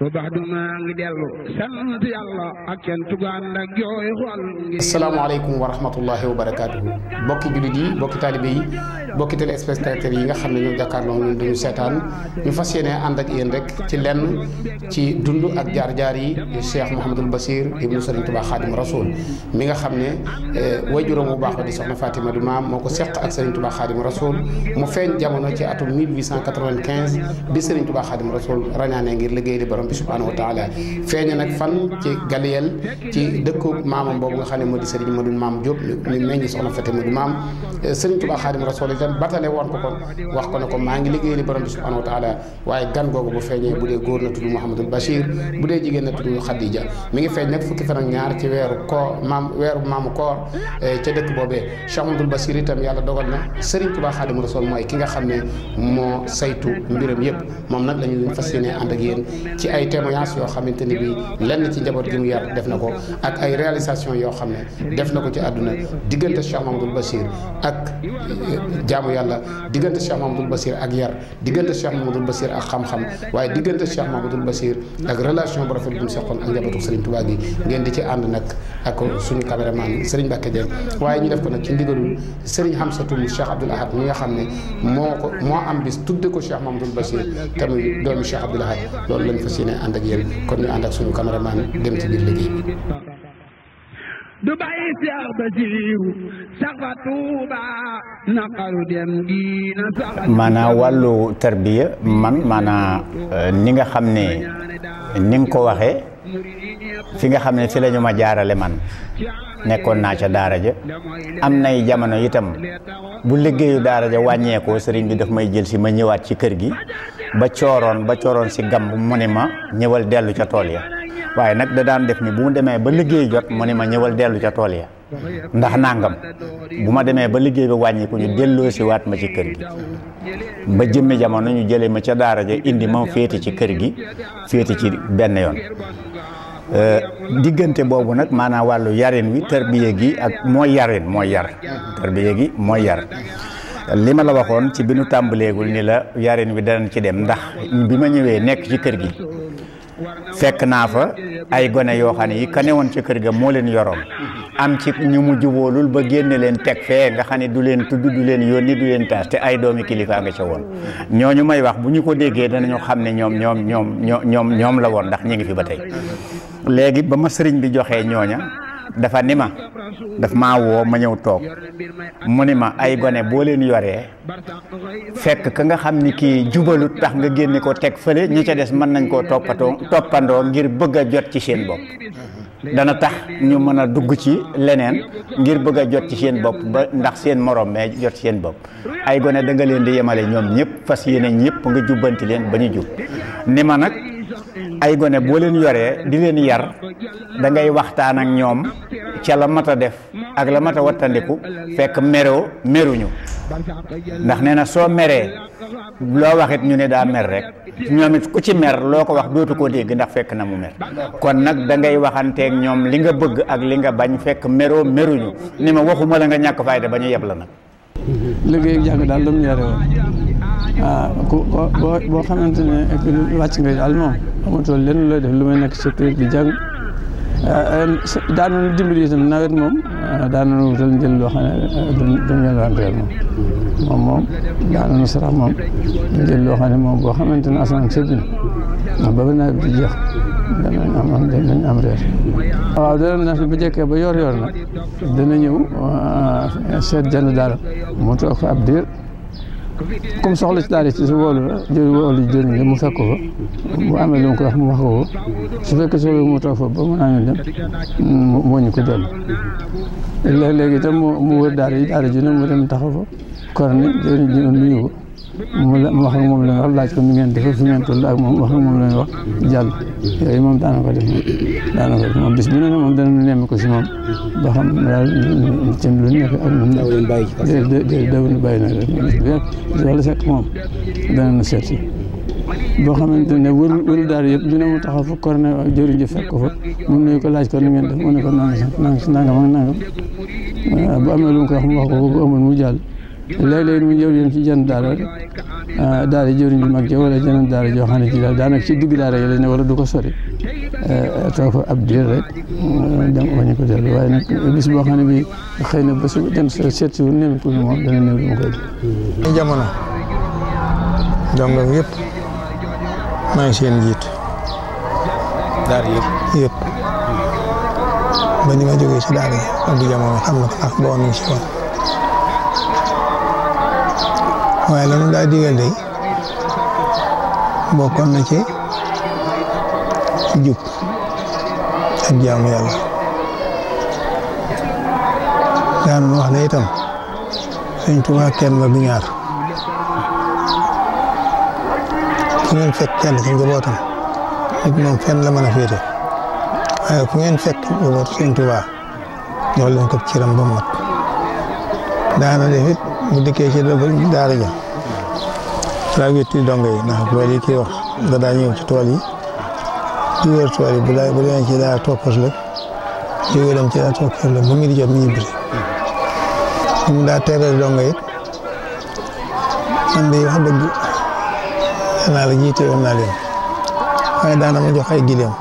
wa baxdu maa ngi dellu sant yàlla ak cant gu ànd ak jooy xol asalaamaaleykum wa rahmatullahi wa barakaatuhu bokki jullit yi bokki taalibe yi bokki téléspectateurs yi nga xam ne ñoo jàkkaarloo ñun dañu seetaan ñu fas yéene ànd ak yéen rek ci lenn ci dund ak jaar-jaar yi Cheikh Mouhamadul Basir ibnu Sëriñ Tuubaa Xaadim Rasul mi nga xam ne eh, waajuram bu baax di soxna Fatima du Maam moo ko seq ak Sëriñ Tuubaa Xaadim Rasul mu feeñ jamono ci atum 1895 bi Sëriñ Tuubaa Xaadim Rasul rañaane ngir liggéey di borom bi subhaanahu wa taala feeña nag fan ci Galiyel ci dëkku maamam boobu nga xam ne moo di sëriñ Madu Maam Jóob ñu meññ soxna Fati Madu Maam sëriñ Tuubaa Xaadimu Rasuul itam batale woon ko wax ko ne ko maa ngi liggéey li borom bi subhaanahu wa taala waaye gan googu bu feeñee bu dee góor na tudd Mouhamadul Bachir bu dee jigéen na tudd Khadija mi ngi feeñ nag fukki fan ak ñaar ci weeru koor maam weeru maamu koor e, ca dëkk boobee Cheikh Mouhamadul Bachir itam yàlla dogal na sëriñ Tuubaa Xaadimu Rasuul mooy ki nga xam ne moo saytu mbiram yëpp moom nag la ñu fas yéene ànd ak yéen ci ay ay témoignages yoo xamante ni bii lenn ci njaboot gi mu yar def na ko ak ay réalisation yoo xam ne def na ko ci àdduna diggante Cheikh Mamadou Bachir ak euh, jaamu yàlla diggante Cheikh Mamadou Bachir ak yar diggante Cheikh Mamadou Bachir ak xam-xam waaye diggante Cheikh Mamadou Bachir ak relation bu rafet bu mu seqoon ak njabootu Serigne Touba gi ngeen di ci ànd nag ak suñu caméraman Serigne Mbacké Dieng waaye ñu def ko nag ci ndigalul Serigne Hamsatou Cheikh Abdoul Ahad mi nga xam ne moo ko moo am bis tudde ko Cheikh Mamadou Bachir te mënee ànd ak yéen kon ñu ànd ak suñu bi. tarbiya man maanaam euh, ni nga xam ne ni ko waxee fi nga xam ne fi la ñu ma jaarale man nekkoon naa ca daara ja am nay jamono yitam bu liggéeyu daara ja wàññeekoo sëriñ bi daf may jël si ma ñëwaat ci kër gi ba cooroon ba cooroon si gamb mu ni ma ñëwal dellu ca tool ya waaye nag da daan def ni bu mu demee ba liggéey jot mu ni ma ñëwal dellu ca tool ya ndax nangam bu ma demee ba liggéey ba wàññiku ñu delloo si waat ma ci kër gi ba jëmmi jamono ñu jëlee ma ca daara ja indi ma féete ci kër gi féete ci benn yoon euh, diggante boobu nag maanaam wàllu yarin wi tarbiye gi ak mooy yarin mooy yar tarbiye gi mooy yar li ma la waxoon ci bi nu tàmbaleegul ni la yarin wi danañ ci dem ndax bi ma ñëwee nekk ci kër gi fekk naa fa ay gone yoo xam ne yi kane woon ci kër ga moo leen yoroom am ci ñu mu jubóolul ba génn leen teg fee nga xam ne du leen tudd du leen yoon yónni du leen taas te ay doomi kilifa nga ca ñoo ñu may wax bu ñu ko déggee danañu xam ne ñoom ñoom ñoom ñoom ñoom la woon ndax ñu ngi fi ba tey léegi ba ma sëriñ bi joxee ñooña dafa ni ma daf maa woo ma ñëw toog mu ni ma ay gone boo leen yoree fekk ka nga xam ni kii jubalut tax nga génne ko teg fële ñi ca des mën nañ koo toppatoo toppandoo ngir bëgg a jot ci seen bopp dana tax ñu mën a dugg ci leneen ngir bëgg a jot ci seen bopp ba ndax seen moroom mais jot seen bopp ay gone da nga leen di yemale ñoom ñëpp fas yéene ñëpp nga jubbanti leen ba ñu jub ni nag ay gone boo leen yoree di leen yar da ngay waxtaan ak ñoom ca la mat a def ak la mat a wattandiku fekk meroo meruñu ndax nee na soo meree loo waxit ñu ne daa mer rek ñoom it ku ci mer loo ko wax dootu koo dégg ndax fekk na mu mer kon nag da ngay waxanteeg ñoom li nga bëgg ak li nga bañ fekk meroo meruñu ni ma waxuma la nga ñàkk fayda ba ñu yeb la nag liggéey jàng daal lu mu ñore Ah, ku boo boo xamante ne wàcc nga daal moom amatoo lenn looy def lu may nekk ci kër di jàng ah, daanoonu dimbali itam nawet moom ah, daanoonu wutal njël loo xam ne duñ leen renteel moom moom moom daanoonu sarax moom njël loo xam ne moom boo xamante ne asamaan sëdd na ba ba nawet bi jeex am reer waaw danañ na bu njëkkee ba yor yor na dana ñëw seet jënd daal mu toog fa diir comme soxla si daal si wóolu la jël wóolu jël mu fekk ko fa amee lu mu ko wax mu wax ko su fekkee soxla mu toog fa ba mu amee dem moo ñu ko dellu léeg-léeg itam mu wër daara yi daara ji ne mu dem taxaw fa kon ni jëriñ mu nuyu ko moom la wax moom la wax laaj ko nu ngeen defee fu ngeen toll ak moom wax moom la ñuy wax jàll yooyu moom daana ko def daana ko def moom bis bu ne moom danañu nemm ko si moom ba xam daal ci lu nekk ak moom dawuñu bàyyi nag bis wala seet moom danañu seet si boo xamante ne wër wëru daal yëpp dina mu taxaw fa korne jëriñ ji fekk ko fa mu nuyu ko laaj ko nu ngeen def mu ne ko nangam nangam nangam bu amee lu mu ko wax mu wax ko bu amul mu jàll léeg-léeg mu ñëw leen ci jenn daara ah, daara jëriñ ju mag ja wala jeneen daara joo xam ne ci daal daanaka ci digg daara yi la ne wala du ko sori eh, eh, toog fa ab diir rek eh, dem wañu ko dellu waaye nag bis boo xam ne bi xëy na bésu dem seet si wu néew ko moom dana néew dama koy def jamono dongam yëpp maa ngi seen jiit daara yëpp yëpp hmm. ba ni ma jógee si daara yi ak jamono xam nga ko ndax boo woon si woon waaye la mu daa digal day bokkoon na ci jub ak jaamu yàlla daanaka wax na itam Sëñ Tuubaa kenn la du ñaar fu ngeen fekk kenn ci njabootam nit moom fenn la mën a féete fu ngeen fekk njabootu Sëñ Tuubaa jox leen ko ciram ba mat daana def it dikkee ci daara ja daa wétti dongo yi ndax loolu yi kii wax da daa ñëw ci tool yi di bu daa bu demee ci daa toppas la jógee dem la bu ngi di daa teeral naa leen waaye daana ma jox ay gileem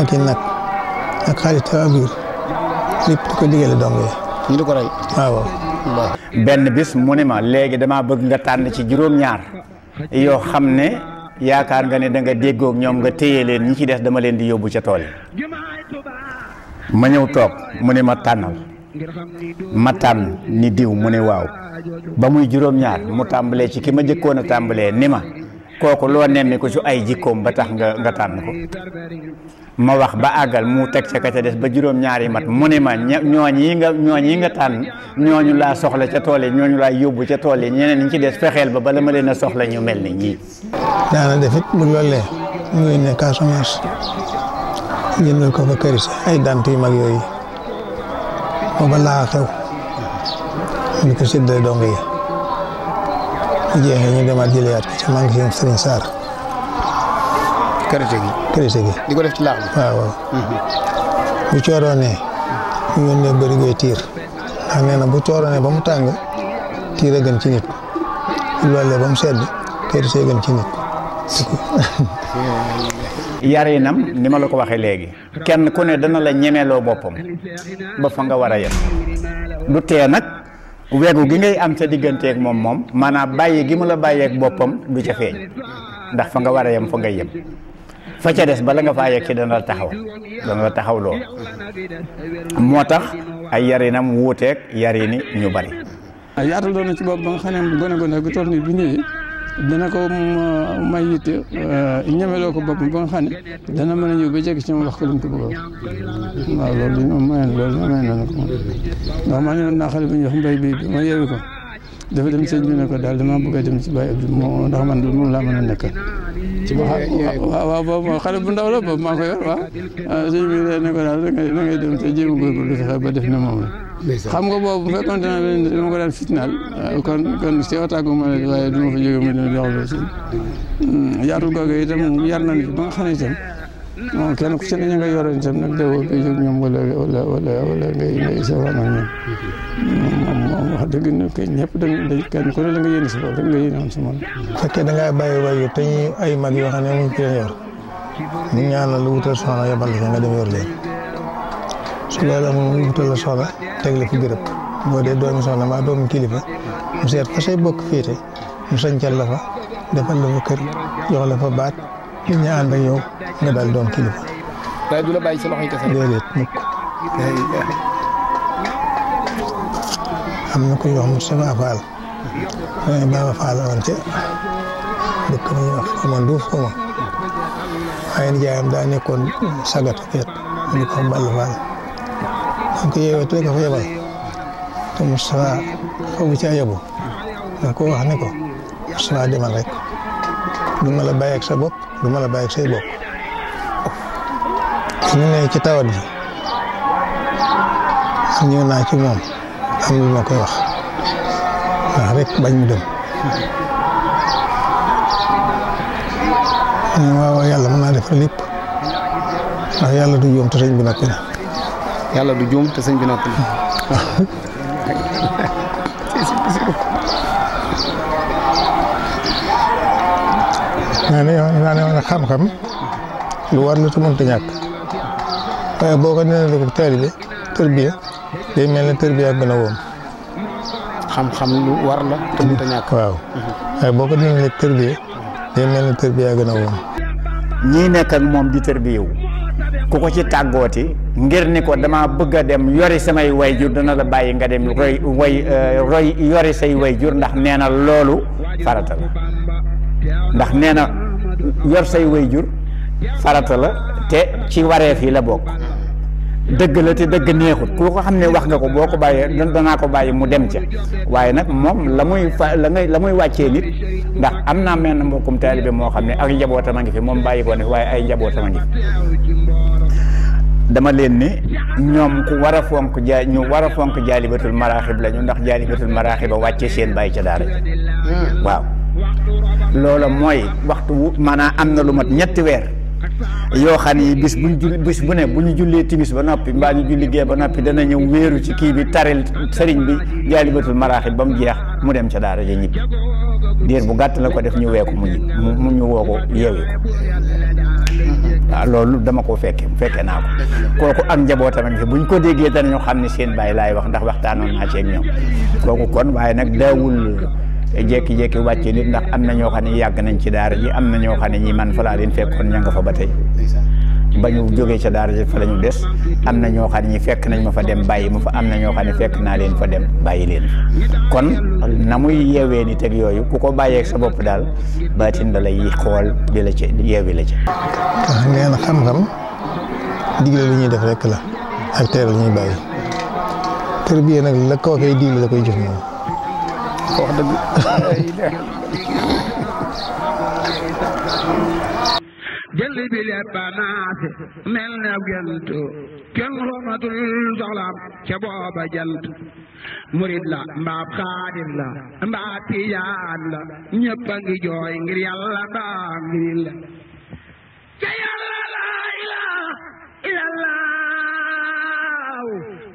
ak nag ak xaalis te ab yi ñu di ko rey waaw benn bis mu ni ma léegi damaa bëgg nga tànn ci juróom-ñaar yoo xam ne yaakaar nga ne da nga déggoo ñoom nga téye leen ñi ci des dama leen di yóbbu ca tool ma ñëw toog mu ne ma tànnal ma tànn ni diw mu ne waaw ba muy juróom-ñaar mu tàmbalee ci ki ma jëkkoon a tàmbalee ni ma kooku loo nemmi ko su ay jikkoom ba tax nga nga tànn ko ma wax ba agal mu tek ca ka ca des ba juróom ñaari mat mu ma ñooñ yi nga ñooñ yi nga tan ñooñu la soxla ca tole yi ñooñu laa yóbbu ca tool ñeneen ñi ci dess fexel ba bala ma leen soxla ñu mel ni ñii daana defit bu lolé ñu ka yónnee Casamance jëndal ko fa kërisa ay dante yu mag yooyu ba la xew ñu ko séddale dong yi bu jeexee ñu demaat jëliyaat ko ca mangi seen Sëriñ Saar karité gi karité gi. di ko def ci laax bi. waaw waaw. Mhm. bu cooroonee. ñu yónnee bëri koy tiir. ndax nee na bu cooroonee ba mu tàng tiir a gën ci nit. loolee ba mu sedd karité gën ci nit. yarinam ni ma la ko waxee léegi kenn ku ne dana la ñemeeloo boppam ba fa nga war a yem lu tee nag wegu gi ngay am sa digganteeg moom moom maanaam bàyyi gi mu la bàyyeeg boppam du ca feeñ ndax fa nga war a yem fa nga yem fa ca des bala nga faa yegg ci dana taxaw dana taxaw loo moo tax ay yarinam wuuteeg yarini ñu bari. yaatal doon na ci bopp ba nga xam ne gone gone gu toll nii dana ko may yitte euh, ñemeloo ko boppam ba nga xam ne dana mën a ñëw ba jekk ci moom wax ko lu mu ko bëggoon waaw loolu moom mayoon loolu na ko bu ñu wax bay bi ma yeewi ko dafa dem sëñ bi ne ko daal dama bëgg a dem ci Baye Abdou moom laa mën a nekkal ci waaw waaw boobu moom xale bu ndaw la boobu maa ngi koy ne ko daal da ngay dem te jéem a góorgóorlu fexe ba def na moom la xam nga boobu bu fekkoon ne da ma ko daan fitnaal kon kon si wataagu ma ne waaye du ma fa jóge ma dina doxal sëñ yaatu googu itam yar nañu ba nga xam moom kenn ku ci ne nga yoroon itam nag dawoo bi jóg ñoom wala dëgg na ñëpp dañ nga yéene si nga yéene woon si moom fekkee da ngaa bàyyi wayu te yoo xam ne amuñ ki leen ñaan la lu wutal soxna yabal la nga dem yor leen su loolu amul wutal la soxna teg la fi gërëb boo dee doomi soxna maa doomi kilifa mu seet fa say bokk féete mu sañcal la fa defal la fa kër jox fa baat nit ñi ànd ak yow nga daal doon kilifa. waaye du la bàyyi sa loxoy kese. déedéet mukk. am na ku ñuy wax Moustapha Fall. ma ne Baba Fall amoon ca dëkk bu ñuy wax xuma duuf xuma. waaye nijaayam daa nekkoon sagat feet mu ko Mballa Fall. donc yow it rek a fa yebal. te Moustapha xaw caa yebu. da ko wax ne ko Moustapha demal rek. du ma la bàyyi ak sa bopp. du la bàyyi say bok ñu ne ci tawat ji ñëw naa ci moom am lu ma koy wax rek bañ dem waaw yàlla mën naa defar lépp ndax du te bi du xanaa ne xanaa ne xam-xam lu war la te ñàkk waaye boo ko nee na ko tërbiya day mel ne tërbiya gën a war la te ko nee na tërbiya mel ne tërbiya gën a woom. ñii nekk moom di tërbiyewu ku ko ci tàggooti ngir ni ko dama bëgg a dem yori samay jur dana la bàyyi nga dem roy way euh, roy yori say way jur ndax nee na loolu farata la ndax nee na yor say way jur farata la te ci wareef yi la bokk dëgg la te dëgg neexut ku ko xam ne wax nga ko boo ko bàyyee danaa ko bàyyi mu dem ca waaye nag moom la muy fa la la muy wàccee nit ndax am naa menn na mbokkum taalibe moo xam ne ak njabootam a ngi fi moom bàyyi ko ne waaye ay njabootam a ngi fi dama leen ni ñoom ku war a fonk ja ñu war a fonk jaalibatul maraaxib lañu ndax jaalibatul maraaxiba wàccee seen bàyyi ca daara hmm. waaw loola mooy waxtu wu maanaam am na lu mat ñetti weer yoo xam ni bis buñ bu ne bu ñu jullee timis ba noppi mbaa ñu julli gee ba noppi dana ñëw wéeru ci kii bi taril sëriñ bi jaalibatul maraaxib ba mu jeex mu dem ca daara ja ñibbi diir bu gàtt la ko def ñu weeku mu ñib mu ñu woo ko yeewi ko loolu dama koo fekkee fekke fekkee naa ko kooku ak njabootam fi buñ ko déggee danañu xam ne seen bàyyi laay wax ndax waxtaanoon naa ci ak ñoom kooku kon waaye nag daawul jékki-jékki wàcce nit ndax am na ñoo xam ne yàgg nañ ci daara ji am na ñoo xam ne ñi man fa laa leen fekkoon ña nga fa ba tey ba ñu jógee ca daara ji fa la des am na ñoo xam ne ñi fekk nañ ma fa dem bàyyi ma fa am na ñoo xam ne fekk naa leen fa dem bàyyi leen kon na muy yeewee ni teg yooyu ku ko bàyyeeg sa bopp daal baatin da lay xool di la ci yeewi la ci wax ah, ngeen xam lu ñuy def rek la ak teer lu ñuy bàyyi la koo koy digle la koy jëf wax dëgg. jëli bi lépp ba naase mel ne ab gent kenn xamatul soxlaam ca booba jant murid la mbaa xaadir la mbaa tijaan la ñëpp a ngi jooy ngir yàlla mbaa ngir la ca yàlla laa ilaaha illallaah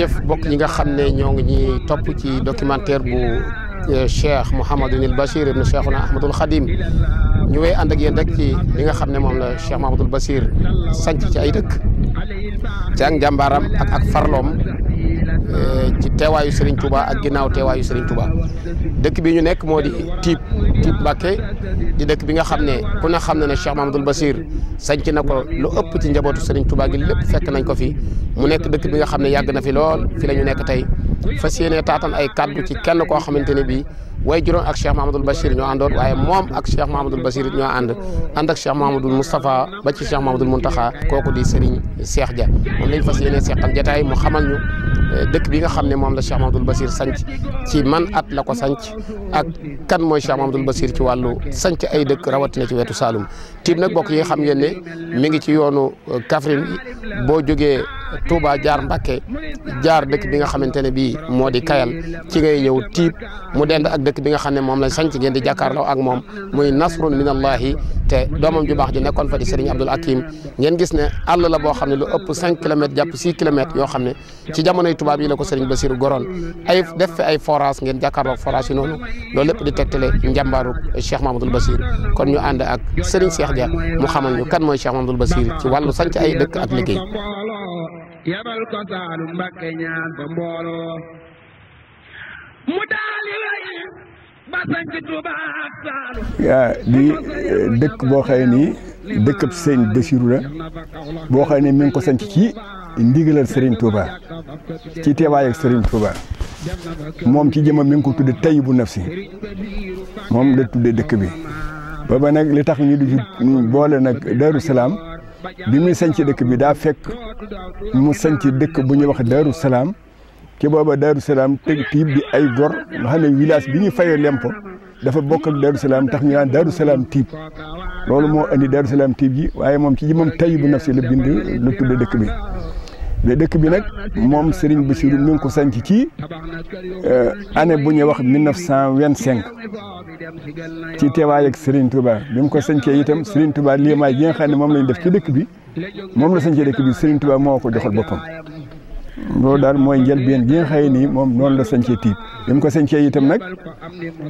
jëf bokk yi nga xam ne ñoo ngi ñi topp ci documentaire bu euh, Cheikh Mouhamadou Nil Bachir ibn Cheikhuna Ahmadul Khadim ñu wéy ànd ak yéen rek ci li nga xam ne moom la Cheikh Mouhamadul Bachir sanc ci ay dëkk ci ak njàmbaaram ak ak farloom euh, ci teewaayu Serigne Touba ak ginnaaw teewaayu Serigne Touba dëkk bi ñu nekk moo di Tiib Diop Mbacke di dëkk bi nga xam ne ku ne xam na ne Cheikh Mamadou Bassir na ko lu ëpp ci njabootu Serigne Touba gi lépp fekk nañ ko fi mu nekk dëkk bi nga xam ne yàgg na fi lool fi la ñu nekk tey fas yéene taatan ay kaddu ci kenn koo xamante ne bii way juróom ak Cheikh Mamadou Bachir ñoo àndoon waaye moom ak Cheikh Mamadou Bachir it ñoo ànd ànd ak Cheikh Mamadou Moustapha ba ci Cheikh Mamadou Mountakha kooku di Serigne Cheikh Dia moom lañ fas yéene dëkk bi nga xam ne moom la Cheikh Mamadou Bassir sanc ci man at la ko sanc ak kan mooy Cheikh Mamadou Bassir ci wàllu sanc ay dëkk rawatina ci wetu Saloum tiim nag bokk yi xam ngeen ne mi ngi ci yoonu euh, Kaffrine boo jógee Touba jaar Mbacké jaar dëkk bi nga xamante ne bii moo di Kayal ci ngay ñëw tiib mu dend ak dëkk bi nga xam ne moom la sanc ngeen di jàkkaarloo ak moom muy nasrun minallahi te doomam ju baax ji nekkoon fa di Serigne Abdoul Hakim ngeen gis ne àll la boo xam ne lu ëpp 5 kilomètres jàpp 6 kilomètres yoo xam ne jamonoy tubaab yi la ko sëriñ Basiru goroon ay def fi ay forage ngeen jàkkaarloog forage yi noonu loolu lépp di tegtale njàmbaaru Cheikh Mamadou Bassir kon ñu ànd ak sëriñ seex Dia mu xamal ñu kan mooy Cheikh Mamadou Bassir ci wàllu sanc ay dëkk ak liggéey yabal eh, dëkk boo xëye nii dëkkab sëriñ Bassirou la boo xëye ne mi ko sanc ci ndigalal sëriñ Touba ci teewaay sëriñ Serigne moom ci jëmam mi ngi ko tudde tay bu naf si moom da tudde dëkk bi booba nag li tax ñu di boole nag Darou Salaam bi muy sañc dëkk bi daa fekk mu sañc dëkk bu ñuy wax Darou Salaam ci booba Darou Salaam teg tiib di ay gor nga xam ne village bi ñu fayee lempo dafa bokk ak Darou tax ñu naan Darou Salaam tiib loolu moo indi Darou Salaam tiib ji waaye moom ci jëmam tay bu naf si la bind la tudde dëkk bi mais dëkk bi nag moom Serigne Bassirou mi ngi ko sanc ci euh, année bu ñuy wax 1925 ci teewaay ak Serigne Touba bi mu ko sancee itam Serigne Touba liimaay gi nga xam ne moom lañ def ci dëkk bi moom la sancee dëkk bi Serigne Touba moo ko joxal boppam. loolu daal mooy njëlbeen gi nga xëy nii moom noonu la sancee tiib bi ko sancee itam nag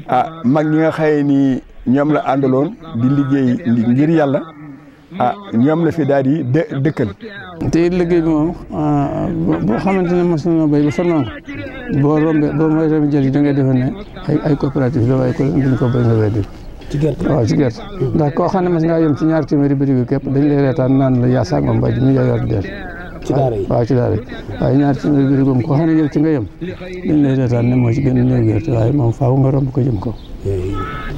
ah mag ñi nga nii ñoom la àndaloon di liggéey ngir yàlla. ah ñoom la fi daal di dë dëkkal. te liggéey bi moom ah, boo xamante ne mos nañoo béy ba sonn boo rombee boo mooy rombee jël yi da ngay defe ne ay ay coopérative la waaye ko duñ ko béy nga weddi ci gerte waaw ci gerte. ndax koo xam ne mos ngaa yem ci ñaar téeméeri bërigo képp dañ lay reetaan naan la yaa sàngam mbay mi yaa ci daara yi waaw nga yem dañ lay reetaan ne moo ci gën a néew gerte waaye moom faaw nga romb ko jëm ko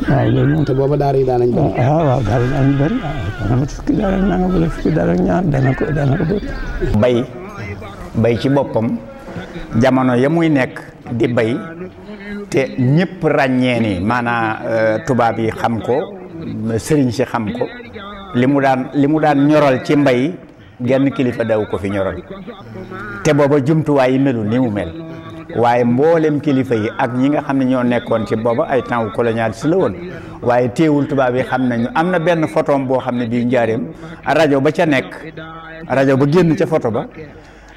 waaye léegi moom. te booba daara yi daan nañ bëri. ah waaw daara yi daan nañ bëri ah ñaar dana ko dana bay bay ci boppam jamono ya muy nekk di bay te ñëpp ràññee ni maanaam euh, tubaab yi xam ko sëriñ si xam ko li mu daan li mu daan ñoral ci mbay genn kilifa daw ko fi ñoral te booba jumtuwaay yi melul ni mel. waaye mboolem kilifa yi ak ñi nga xam ne ñoo nekkoon ci booba ay temps colonial si la woon waaye teewul tubaab yi xam nañu am na benn photom boo xam ne bii njaareem rajo ba ca nekk rajo ba génn ca photo ba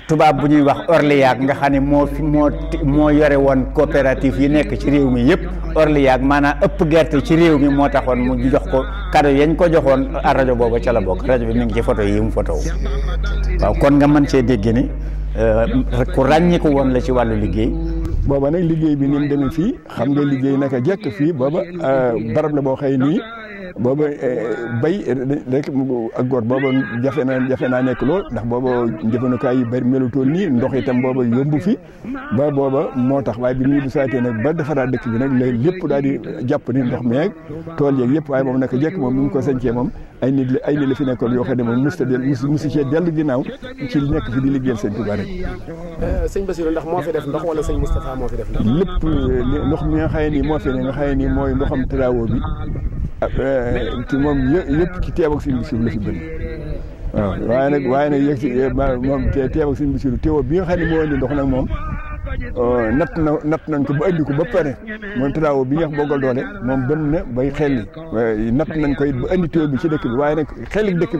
tubaab bu ñuy wax Orliac nga xam ne moo fi moo moo yore woon coopérative yi nekk ci réew mi yëpp Orliac maanaam ëpp gerte ci réew mi moo taxoon mu jox ko kado yañ ko joxoon rajo booba ca la bokk rajo bi mu ngi ci photo yi mu photo waaw kon nga Euh, ku ràññiku woon la ci wàllu liggéey booba nag liggéey bi ni mu demee fii xam nga liggéey naka jekk fii booba euh, barab la boo xëy nii booba eh, bay eh, rek ak góor booba jafe na jafe naa nekk lool ndax booba njëfandikaay yi bari melutoon nii ndox itam booba yombu fi ba booba moo tax waaye bi ñu bisaatee nag ba defaraat dëkk bi nag léegi lépp daal di jàpp ni ndox meeg tool yëpp waaye moom naka jekk moom mi ko sañcee moom la moom musta del musu cee dellu ginnaaw ci li nekk fi di liggéeyal sëñ eh, moo fi def ndox wala sëñ Moustapha moo fi def ndox lépp ndox mi nga xaye nii moo fi ne nga xaye nii mooy ndoxam travaux bi ah, ci moom yëpp ci teew ak sëñ Bassirou la ci bëri waaw waaye nag waaye nag yëg si eh, moom teew ak bi nga xam ne moo indi ndox moom oh, natt na natt nañ ko ba ko ba pare moom tarawoo bi ñuy wax boggal doole moom benn na bay xelli natt nañ ko it ba indi bi ci dëkk bi waaye nag xelli dëkk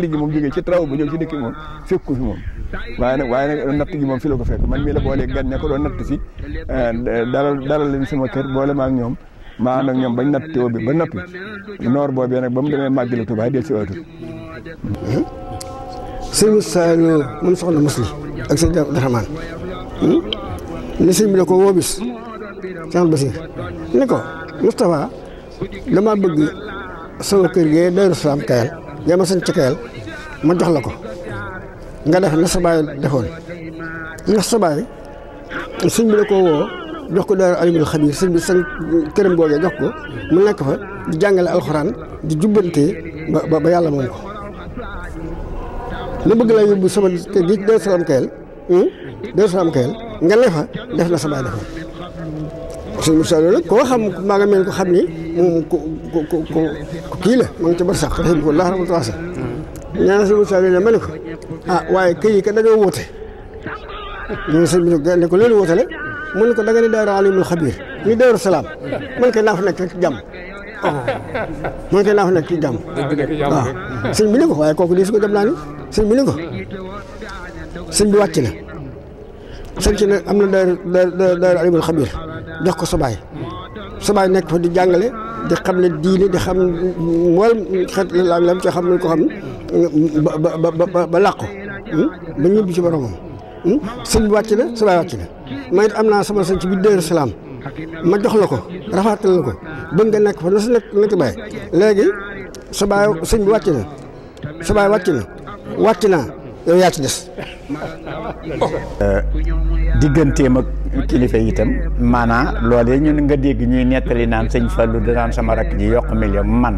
bi gi moom jógee ci tarawoo ba ñëw ci dëkk bi moom fekk ko fi moom waaye nag waaye nag natt moom fi la ko fekk man mii la boolee gan ña ko doon natt si eh, dalal dalal sama kër boole ma ak ñoom maa ànd ñoom bañ natt teew bi ba noppi noor boobee nag ba mu demee màggali Tuubaa del si waatul. Eh? sëñ Saalum mun soxna Musli ak sëñ Daraman hmm? ni sëñ bi ko woo bis sëñ Basir ne ko Moustapha dama bëgg sama kër gee Daaru Salaam kayal yaa ma sañ ci kayal ma jox la ko nga def na sa baay defoon ndax sa baay sëñ bi ko woo. jox ko daara alimul khabir sëñ bi seen kërëm boogee jox ko mu nekk fa di jàngale alxuraan di jubbante ba ba yàlla moom ko lu bëgg laa yóbbu sama gi Daaru Salaam Kayel hmm? Daaru Salaam Kayel nga ne fa def na sa baay defoon sëñ Moussa loolu koo xam maa nga mel ko xam ni moom ko ko ko ko kii la ma ngi ca barsax rahimahullah rahmatullah sax ñaana sëñ Moussa loolu ma ne ko ah waaye kii yi ka dañoo wóote ñu sëñ bi ne ko loolu wóote la mu ne ko da nga ne Daaru Alimul Xabiir ni Daaru Salaam man kay naa fa nekk naa fa nekk jàmm waaw sëñ ko waaye kooku di su ko dem naa ni sëñ bi ni ko sëñ bi wàcc na sëñ ci ne am na Daaru Daaru Alimul Xabiir jox ko sobaay nekk di jàngale di xam ne diine di xam mool xet xam nañ ko xam ba ba ba ba hmm? hmm? bi wàcc na sobaay wàcc na may am naa sama sañ ci biir Daaru Salaam ma jox la ko rafaatal la ko ba nga nekk fa na sa nekk nekk baay léegi sa baay sëñ bi wàcc na sa baay wàcc na wàcc naa yow yaa ci des eh, digganteem ak kilifa itam maanaa loolee ñun nga dégg ñuy nettali naan sëñ Fallou naan sama rakk ji yokk million man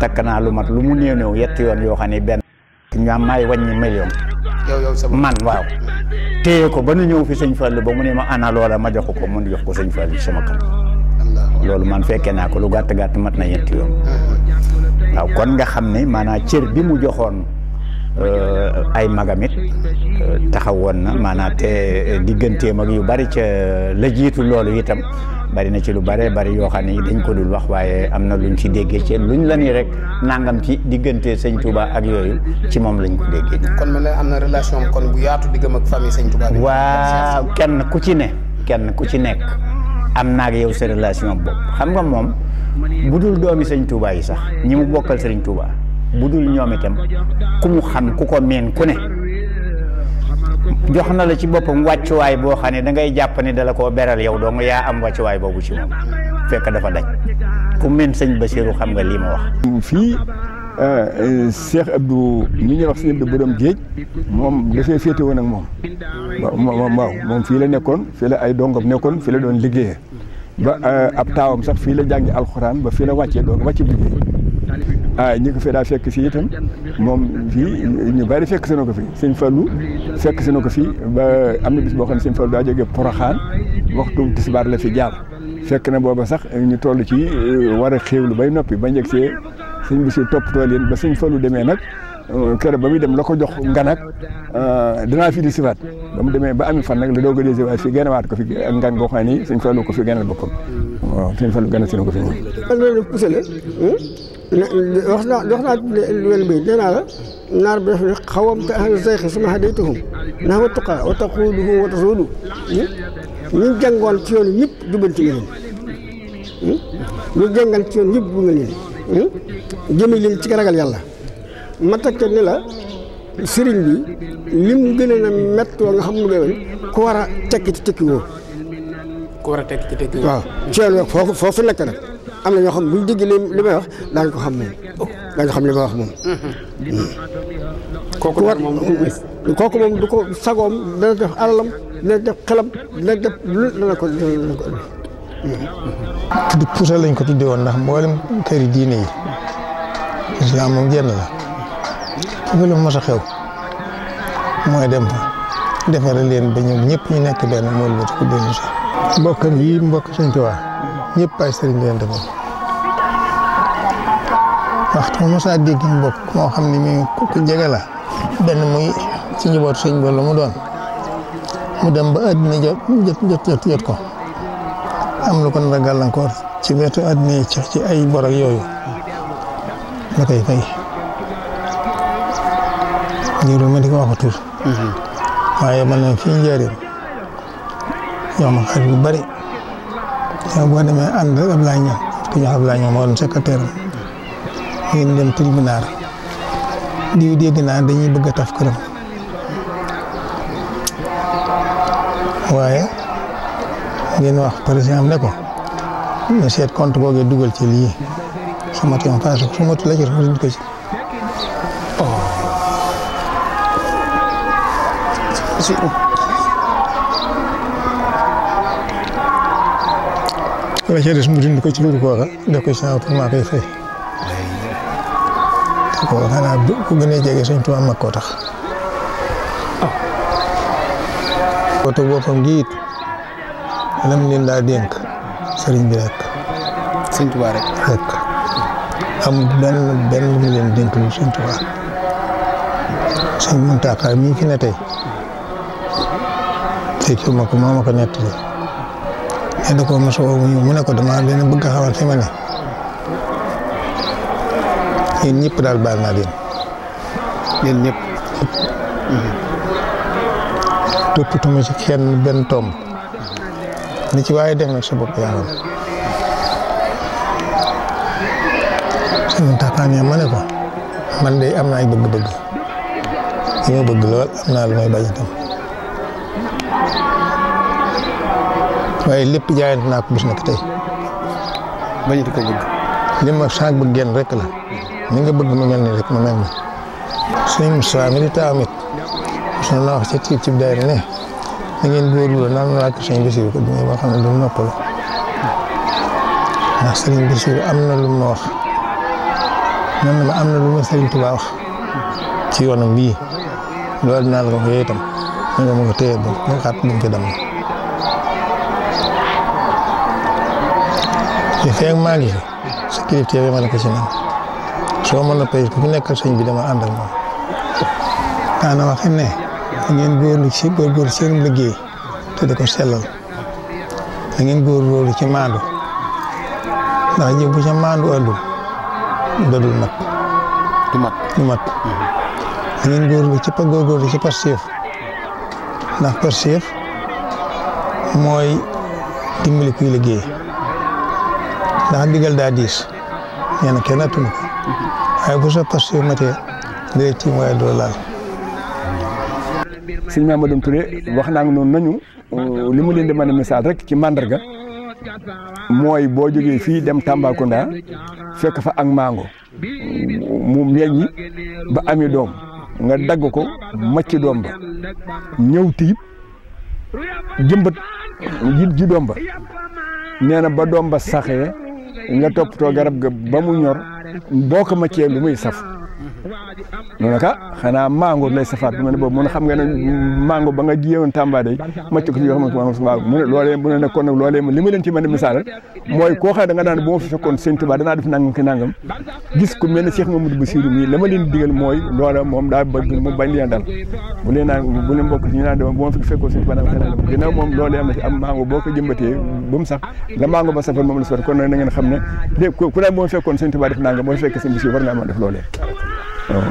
takk naa lu mat lu mu néew néew yett yoon yoo xam ne benn ñu am may wàññi million man waaw téye ko ba nu ñëw fi sëñ Fallou ba mu ne ma ana loola ma jox ko mun jox ko sëñ Fallou sama kan loolu man fekkee naa ko lu gàtt gàtt mat na ñetti yoon waaw kon nga xam ne maanaam cër bi mu joxoon euh, ay magamit euh, taxawoon na maanaam te eh, digganteem mag yu bari ca euh, la jiitu loolu itam bari na ci lu bare bari yoo xam ne dañ ko dul wax waaye am na luñ ci déggee ci luñ la ni rek nangam ci diggante sëñ Touba ak yooyu ci moom lañ ko déggee. kon mel na am na relation kon bu yaatu diggam ak famille sëñ Touba. waaw kenn ku ci ne. kenn ku ci nekk am naa yow sa relation bopp xam nga moom bu dul doomi sëñ Touba yi sax ñi mu bokkal sëriñ Touba bu dul ñoom itam ku mu xam ku ko meen ku ne. jox na la ci boppam wàccuwaay boo xam ne da ngay jàpp ne dala koo beral yow dong yaa am wàccuwaay boobu ci moom fekk dafa daj ku mel sëñ Basiru xam nga lii ma wax. fii euh, Cheikh Abdou mi ñuy wax sëñ Abdou Borom Géej moom dafay féete woon ak moom moom moom fii la nekkoon fii la ay dongam nekkoon fii la doon liggéeyee ba euh, ab taawam sax fii la jàngi alxuraan ba fii la wàccee doon wàcce liggéey. ah ñi ko fi daa fekk fii itam moom fii ñu bari fekk si na ko fi sëñ Fallou fekk si na ko fii ba am na bis boo xam ne sëñ Fallou daa jógee Poroxaan waxtu tisbaar la fi jaar fekk na booba sax ñu toll ci euh, war a xéewlu bay noppi ba njëg see sëñ bi si toppatoo leen ba sëñ Fallou demee nag euh, kër ba muy dem la ko jox nga nag euh, danaa fi di sifaat ba mu demee ba ami fan nag la doog a desiwaat fi genewaat ko fi ak ngan goo xam ko fi genal boppam waaw sëñ ko wax naa wax naa wenn bi nee naa la naar bi def ne xawam ka ahlu zayqi suma hadaytuhum ndax wa tuqaa wa taquuduhum wa tasuudu hmm? ñu jàngoon ci yoon ñëpp jubanti nga leen hmm? ñu jàngal ci yoon ñëpp bu nga leen jëmi ci ragal yàlla ma takk ni la sëriñ bi lim gën a métti nga xam nu bewen ku war a tekki ci tekki woo ci tekki woo waaw ci yoon foofu foofu nekk nag am na ñoo xam bu ñu déggee li may wax daañu ko xam moom daañu xam li may wax moom. kooku war moom kooku moom du ko sagoom def alalam dana def xelam dana def lu dana lañ ko tuddee woon ndax mboolem këri diine yi islam moom jenn la fu lu mos a xew mooy dem fa leen ba ñoom ñëpp ñu nekk benn moolu ba tuko benn sax mbokkam yi mbokk suñ tuwaa ñepp ay sëriñ leen wax waxtu mo sa dégg ñu moo mo xamni mi ku ko jégé la ben muy ci njaboot sëriñ ba lu mu doon mu dem ba adina jot jot jot jot ko am lu ko nar a gàllankoor ci wétu adina ci ci ay bor ak yoyu la kay fay ngir ma di ko waxatul mm-hmm. waaye man fii njëriñ yow ma xarit bu bari Ya, yang buat nama anda ak Ablaye Niang ku ñu wax Ablaye Niang moo doon secrétaire am dem tribunal diw dégg naa dañuy bëgg a taf këram ngeen wax président ne ko ñu seet compte boogee dugal ci ko ko ci oh. la ca des mu dund ko ci biir koora def ko ci sama pour koy fay te kooku xanaa ku gën a jege suñ tubaab mag koo tax. kooku boppam gi it lam leen daa dénk sëriñ bi rek. sëriñ Tuubaa rek. rek am benn benn mu leen dénk lu sëriñ Tuubaa sëriñ Muntaxa mi fi ne tey fekk ma ko maa ma ko nettali yadda kuma masu ogun mu ne ko dama leen bëgg xamal fi ma ne yéen ñëpp daal baal naa leen yéen ñëpp toppatuma ci kenn benn tomb ni ci waaye def nag sa bopp yaa xam suñu taxaanee ma ne ko man de am naa ay bëgg-bëgg yi ma bëgg lool am naa lu may bañ tam waaye lépp jaayante naa ko bis na ko tey. bañatu ko bëgg. li ma sànq bëgg génn rek la ni nga bëgg mu mel nii rek mu mel nii. na naa wax ca ci cib da ngeen góorgóorlu naan naa ko sëñ Bassirou ko am na lu ma wax man na ma am na lum ma sëriñ Tuubaa wax ci yoonam bii loolu naa la ko yooyu itam nga ma ko téye ba mu xaat bu mu fi li feeg maa ngi sa kilifte so ma la ko ci man soo mën a pay ku fi nekkal sëñ bi dama ànd ak moom daana waxe ne da ngeen góorlu ci góorgóor seen liggéey te di ko sellal da ngeen góorgóorlu ci mat du mat du mat da ngeen góorlu ci pa góorgóorlu ci pastéef ndax pastéef mooy dimbali kuy liggéey Dah ndigal daa yana kena na kenn attunu ko waaye bu sa pas yu matee day tiim waaye doo laal sëñ Mamadou Touré wax naa noonu nañu li mu leen di message rek ci mandarga dem Tambacounda fekk fa ak mango mu meññi ba ami dom nga dagg ko macc doom ba ñëw tiib jëmbat ji ba nee ba ba nga toppatoo garab ga ba mu ñor boo ko màccee lu muy saf mu ne ka xanaa mango lay safaat mu ne boobu mun xam nga ne mango ba nga jiyewoon Tamba day macc ko ci yoo xamante mango waaw mu a misaal mooy koo xam ne da nga daan bu ma fi ne Cheikh Mamadou Bassirou mii la ma mooy loola moom daa bëgg mu bañ leen dal bu leen naan bu leen bokk ci ñu naan dama bu ma fi fekkoon sëñ Tuubaa sax la mango ba safoon moom la sot kon nag ngeen xam ne ku daan bu ma fekkoon sëñ Tuubaa def nangam boo loolee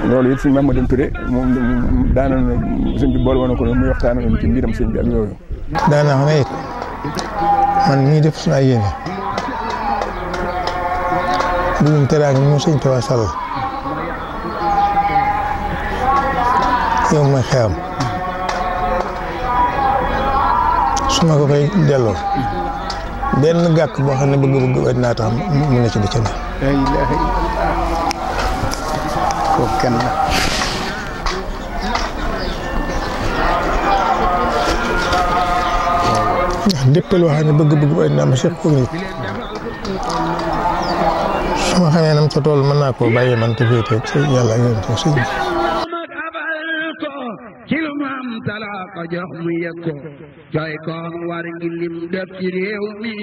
loolu it sëñ ma Touré moom daanaka sëñ bi boole woon na ci mbiram sëñ bi ak yooyu. daanaka ne it man mii def suñu ay yéene mbirum teraanga moom sëñ Tuubaa sall yow mooy xeexam su ma ko koy delloo benn gàkk boo xam ne bëgg-bëgg ba tax mu ne ci bëccëg. Okay అండి dëppal waxaane bëgg-bëgg bu àddina nam ca tool mën naa koo man te féete ci yàlla war def ci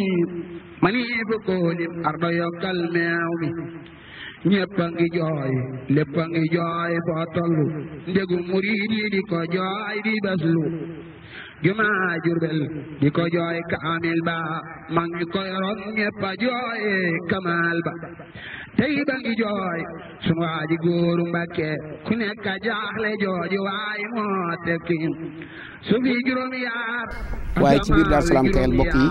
mani bu ko lim ardo ñëpp ngi jooy lépp ngi jooy foo tollu ndegu murid yi ko jooy di baslu jumaa Jurbel di ko jooy kaamil ba mag ñi ko yoroon ñëpp a kamal ba tey ba ngi jooy sunu waaji góoru Mbàkke ku nekk a jaaxle jooju waaye moo tekki su fi juróomi yaar waaye ci biir Daaru Salaam Kayel mbokk yi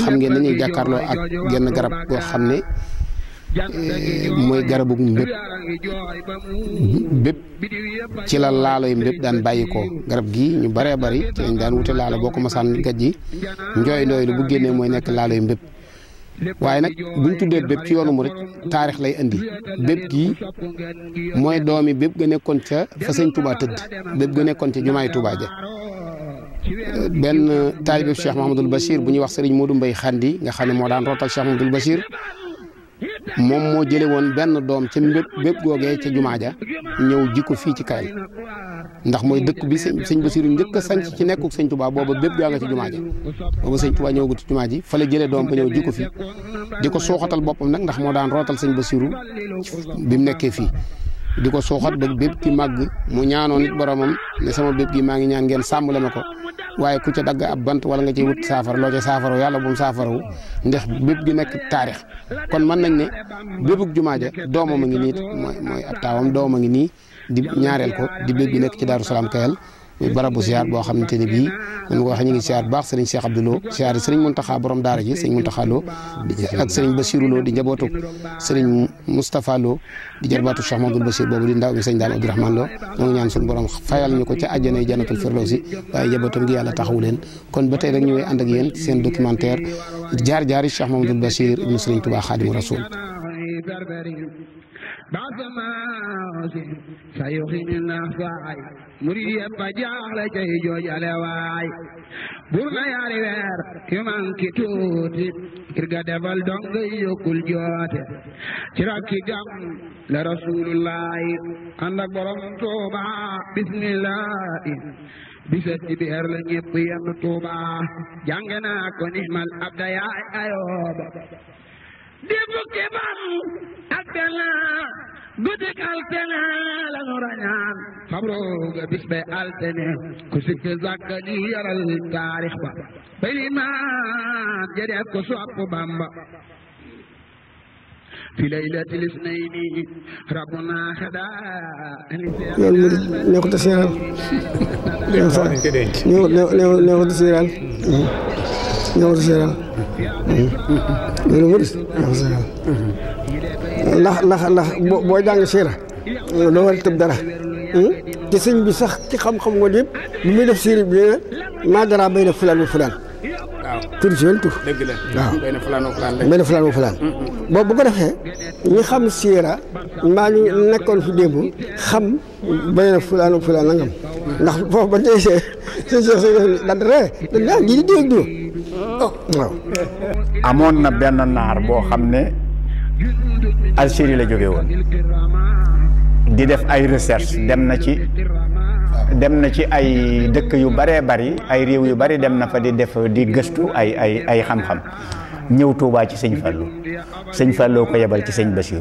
xam ngeen dañuy jàkkaarloo ak genn garab goo xam ne mooy garabu mbépp bépp ci la laalo yi mbépp daan bàyyi ko garab gii ñu baree bari ci lañ daan wute laalo boo ko masaan gaj ji njooy ndooy bu génnee mooy nekk laalo yi mbépp waaye nag buñ tuddee bépp ci yoonu murit taarix lay indi bépp gi mooy doomi bépp ga nekkoon ca fa sëñ Touba tëdd bépp ga nekkoon ca jumaay Touba ja benn taalibe Cheikh Mahamadul Bachir bu ñu wax sëriñ Modou Mbaye Xandi nga xam ne moo daan rootal Cheikh Mahamadul Bachir moom moo jële woon benn doom ca mbépp bépp googee ca jumaa ja ñëw jikko fii ci Kaay ndax mooy dëkk bi sëñ sëñ Basiru njëkk a sanc ci nekkuk sëñ Tuubaa booba bépp gaa nga ci jumaa ji booba sëñ Tuubaa ñëwagut ci jumaa ji fa la jëlee doom ba ñëw jikko fii di ko sooxatal boppam nag ndax moo daan rootal sëñ Basiru bi mu nekkee fii di ko suuxat ba bépp ki màgg mu ñaanoon nit boromam ne sama bépp gi maa ngi ñaan ngeen sàmmale ma ko waaye ku ca dagg ab bant wala nga ciy wut saafara loo ca saafara yàlla bu saafara saafarawu ndax bépp gi nekk taarix kon mën nañ ne béppug jumaa ja doomam a ngi nii mooy mooy ab taawam doomam a ngi nii di ñaareel ko di bépp gi nekk ci Daaru Salaam Kayal muy barabu ziar boo xamante ne bii man ko waxee ñu ngi ziar baax sëriñ Cheikh Abdou Lo ziar sëriñ Mountakha borom daara ji sëriñ Mountakha Lo ak sëriñ Bassirou Lo di njabootu sëriñ Moustapha Lo di jarbaatu Cheikh Mamadou Bassir boobu di ndaw mi sëriñ daal Abdourahmane Lo ñoo ngi ñaan suñu borom fayal ñu ko ca àjjanay jannatul firdawsi waaye njabootam gi yàlla taxawu leen kon ba tey rek ñëwee ànd ak yéen seen documentaire jaar jaari Cheikh Mamadou Bassir ibnu sëriñ Touba Khadimu Rasoul بعد ماس سيخين الأحفاي مريد بجاغ لكي جوج ألواي برنا يا رير كمان كتوت كرقا دفل دونغ يوكل جوت كراكي جام لرسول الله عندك برم توبا بسم الله bisa ci biir la ñëpp yem Tuuba jàng naa ko nihmal abda yaay ayooba di fukki ban ak benn guddik altene la nu rañaan xabroga bis bay altene ku sikki zàkk di yaral taarix ba baylimaan jëreef ko sopp Bamba fi laylatil isnayni rabbuna xada yoon mu ne ko tasiral ne ko tasiral ne ko tasiral loolu moo des. ndax ndax ndax boo boo jàng siira doo war dara. Hmm? te sëñ bi sax ci xam-xam nga yëpp bu muy def siira bi maa dara bay na fulaan ba fulaan. waaw tur si yoon tur. dëgg la waaw bay na fulaan ba hmm, hmm. bu ko xam siira mbaa ñu nekkoon fi démb xam bay na fulaan ba fulaan nangam. ndax boo ba tey see see see daan ree dañ daan lii di oh, amoon na benn naar boo xam ne Algérie la jóge woon di def ay recherche dem na ci dem na ci ay dëkk yu baree bari ay réew yu bari dem na fa di def di gëstu ay ay ay xam-xam ñëw Touba ci sëñ Fallou sëñ Fallou ko yebal ci sëñ Bachir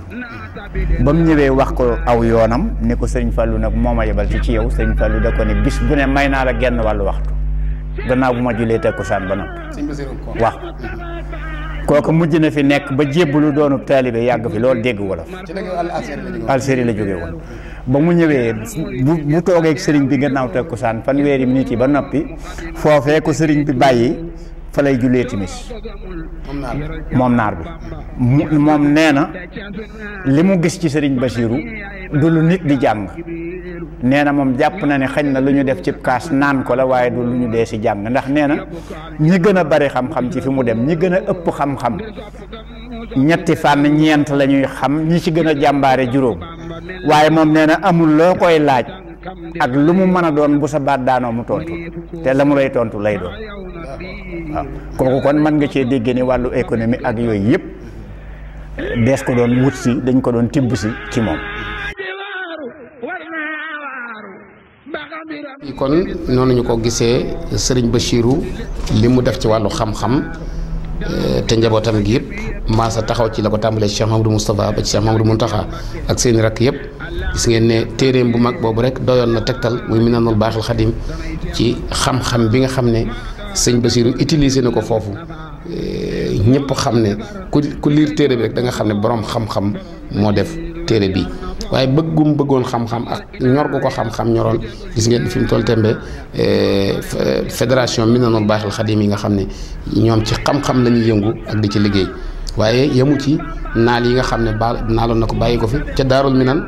ba mu ñëwee wax ko aw yoonam ne ko sëñ fallu nag moo ma yebal ci ci yow sëñ Fallou da ko ne bis bu ne may naa la genn wàllu waxtu gannaaw bu ma julee takkusaan ba noppi wax kooku mujj na fi nekk ba jébbalu doonub taalibe yàgg fi loolu dégg wolof Algérie la jóge woon ba mu ñëwee bu bu toogee sëriñ bi gannaaw takkusaan fanweeri minit yi ba noppi foofee ko sëriñ bi bàyyi fa lay jullee timis moom naar bi moom nee na li mu gis ci sëriñ Basiiru du lu nit di jàng nee na moom jàpp na ne xañ na lu ñu def cib kaas naan ko la waaye du lu ñu dee si jàng ndax nee na ñi gën a bari xam-xam ci fi mu dem ñi gën a ëpp xam-xam ñetti fànn ñeent lañuy xam ñi ci gën a jàmbaare juróom waaye moom nee amul loo koy laaj ak lu mu mën a doon bu sa baat daanoo mu tontu te la mu lay tontu lay doon waaw kooku kon mën nga cee dégg ni wàllu économie ak yooyu yëpp dees ko doon wut si dañ ko doon tibb si ci moom. kon noonu ñu ko gisee sëriñ ba Bachirou li mu def ci wàllu xam-xam. Eh, te njabootam gi yëpp maasa taxaw ci la ko tàmbalee Cheikh Mamadou Moustapha ba ci Cheikh Mamadou Mountakha ak seeni rakk yëpp gis ngeen ne téeréem bu mag boobu rek doyoon na tegtal muy minanul baaxil xadim ci xam-xam bi nga xam ne sëñ Basiru utilisé na ko foofu eh, ñëpp xam ne ku ku liir téere bi rek da nga xam ne boroom xam-xam moo def téere bi waaye bëggum bëggoon xam-xam ak ñor gu ko xam-xam ñoroon gis ngeen fi mu toll tembe eh, fédération Minanul Baaxil Xadim yi nga xam ne ñoom ci xam-xam la yëngu ak di ci liggéey waaye yemu ci naal yi nga xam ne ba naaloon na ko bàyyi ko fi ca daarul minan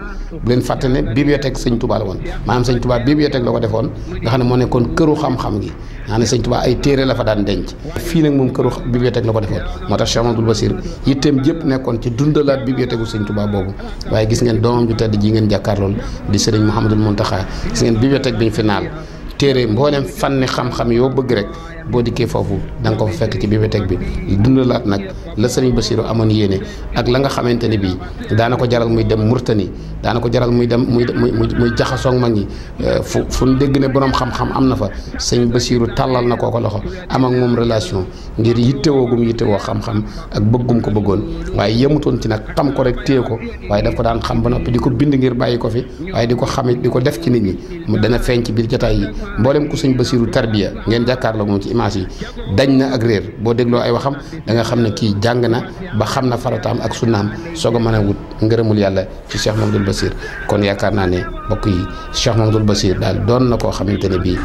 bu leen fàtte ne bibliothèque sëñ Touba la woon am sëñ Touba bibliothèque la ko defoon nga xam ne moo nekkoon këru xam-xam gi nga xam ne sëñ Touba ay téere la fa daan denc fii nag moom këru bibliothèque la ko defoon moo tax Cheikh Mamadou Basir yitteem jëpp nekkoon ci dundalaat bibliothèque u sëñ Touba boobu waaye gis ngeen doomam ju tedd ji ngeen jàkkaarlool di sëriñ Mouhamadul Mountakha gis ngeen bibliothèque bi ñu fi naal téere mboolem fànni xam-xam yoo bëgg rek bo diké fofu dang ko fekk ci bibliothèque bi dundulat nak le serigne bassirou amone yene ak la nga xamanteni bi danako jaral muy dem murtani danako jaral muy dem muy muy muy jaxaso ak magni euh, fu fu ñu dégg ne borom xam-xam amna fa serigne bassirou talal na kooko loxo am ak mom relation ngir yittewoo gum wo xam-xam ak bëggum ko bëggoon waye yemutoon ci nak tam ko rek téeko waye ko daan xam ba nopi diko bind ngir bayiko fi waye diko xamé diko def ci nit ñi mu dana ci yi mbolem ku serigne bassirou tarbiya ngeen la mo ci image yi dañ na ak réer boo dégloo ay waxam da nga xam ne kii jàng na ba xam na farataam ak sunnaam soog a a wut ngërëmul yàlla ci Cheikh Mamadou Bassir kon yaakaar naa ne mbokk yi Cheikh Mamadou Bassir daal doon na koo xamante ne bii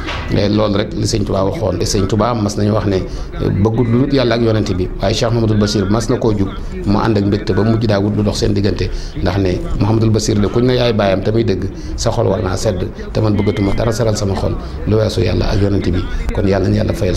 loolu rek li sëñ Tuubaa waxoon sëñ Tuubaa mas nañu wax ne bëggul lu dul yàlla ak yonente bi waaye Cheikh Mamadou Bassir mas na koo jug mu ànd ak mbégte ba mujj daa wut lu dox seen diggante ndax ne Mouhamadou Bassir la kuñ ne yaay baayam tamit dëgg sa xol war naa sedd te man bëggatuma dara seral sama xol lu weesu yàlla ak yonente bi kon yàlla na yàlla fayal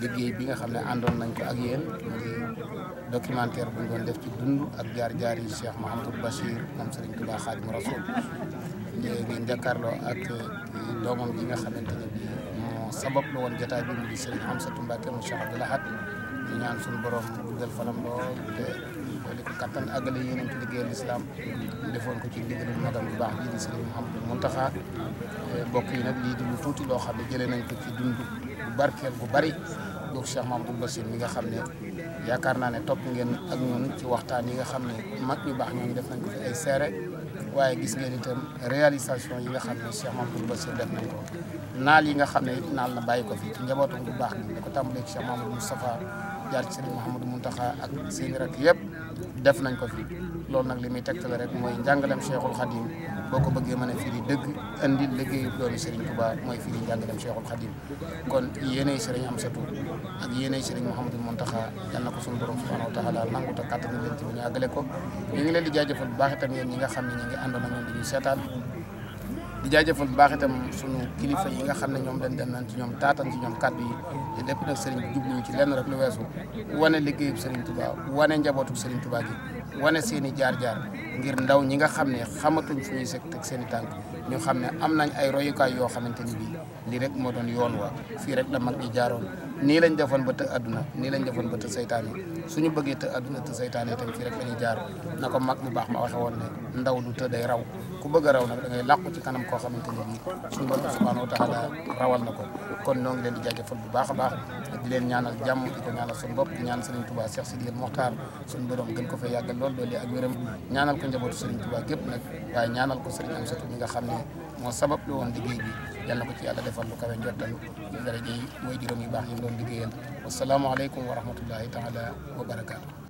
liggéey bi nga xam ne àndoon nañ ko ak yéen muy bu ñu doon def ci dund ak jaar-jaar yi Cheikh Mouhamadou Bachir moom Serigne Touba Khadim Rasoul ngeen jàkkaarloo ak doomam bi nga xamante ne bii moo sabab lu woon jotaay bi mu di Serigne Hamsatou Mbacké mu Cheikh Abdou ñu ñaan suñu borom guddal fanam lool te li ko kattan àggale yéenam ci liggéeyal lislaam defoon ko ci ndigalul magam bu baax lii di Serigne Mouhamadou Mountakha mbokk yi nag lii di lu tuuti loo xam ne jëlee nañ ko ci dund bu barkeel bu bari donc Cheikh Mamadou Bassir mi nga xam ne yaakaar naa ne topp ngeen ak ñun ci waxtaan yi nga xam ne mag ñu baax ñooñu def nañ ko fi ay waaye gis ngeen itam réalisation yi nga xam ne Cheikh Mamadou Bassir def nañ ko naal yi nga xam ne naal na bàyyi ko fi ci njabootam bu baax gi ko ko tàmbalee ci Cheikh Mamadou Moustapha jaar ci Serigne Mouhamadou Mountakha ak seeni rak yëpp def nañ ko fi loolu nag li muy tegtale rek mooy njàngalem Cheikhul Khadim boo ko bëggee mën a firi dëgg andi liggéeyu doomi Serigne Touba mooy firi njàngaleem Cheikhul Khadim kon yéenay Serigne Amsatou ak yéenay Serigne Mouhamadou Mountakha yal na ko suñu borom subhanahu wa nangu te kàttan leen ci bu ñu àggale ñu ngi leen di baax itam yéen ñi nga xam ne ñu ngi àndoon ak ñoom di ñu di jaajëfal bu baax itam sunu kilifa yi nga xam ne ñoom dañ dem nañ ci ñoom taatan ci ñoom kàddu yi lépp nag sëriñ bi ci lenn rek lu weesu wane liggéeyub sëriñ tubaa wane njabootu sëriñ tubaa gi wane seeni jaar-jaar ngir ndaw ñi nga xam ne xamatuñ fu ñuy teg seen i tànk ñu xam ne am nañ ay royukaay yoo xamante ni bii lii rek moo doon yoon wa fii rek la mag ñi jaaroon nii lañ defoon ba të àdduna nii lañ defoon ba të saytaane suñu bëggee të àdduna të saytaane itam fii rek la ñuy na ko mag mu baax ma waxe ndaw lu të raw ku bëgg a raw nag da ngay ci kanam koo xam ne bii suñu borom subhanahu wa rawal na ko kon noo ngi leen di jaajëfal bu baax a baax di leen ñaanal jàmm di ko ñaanal suñu bopp di ñaan Serigne Touba Cheikh Sidil Mokhtar suñu borom gën ko fa yàggal lool doole ak wéram ñaanal ko njabootu Serigne Touba gépp nag waaye ñaanal ko Serigne Amsatou mi nga xam ne moo sabab lu woon liggéey bi yàlla ko ci yàlla defal lu kawe njottal daraje yi mooy juróom yu baax yi doon liggéeyal wasalaamualeykum wa rahmatullahi taala